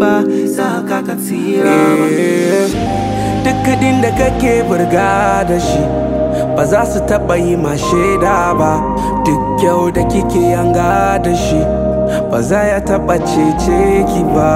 ba sa ka ka tsira ba eh, duk kadin da kake burga da shi ba za su taba yi ma shaida ba duk kyau da kike yanga da shi ba za ya taba cece ki ba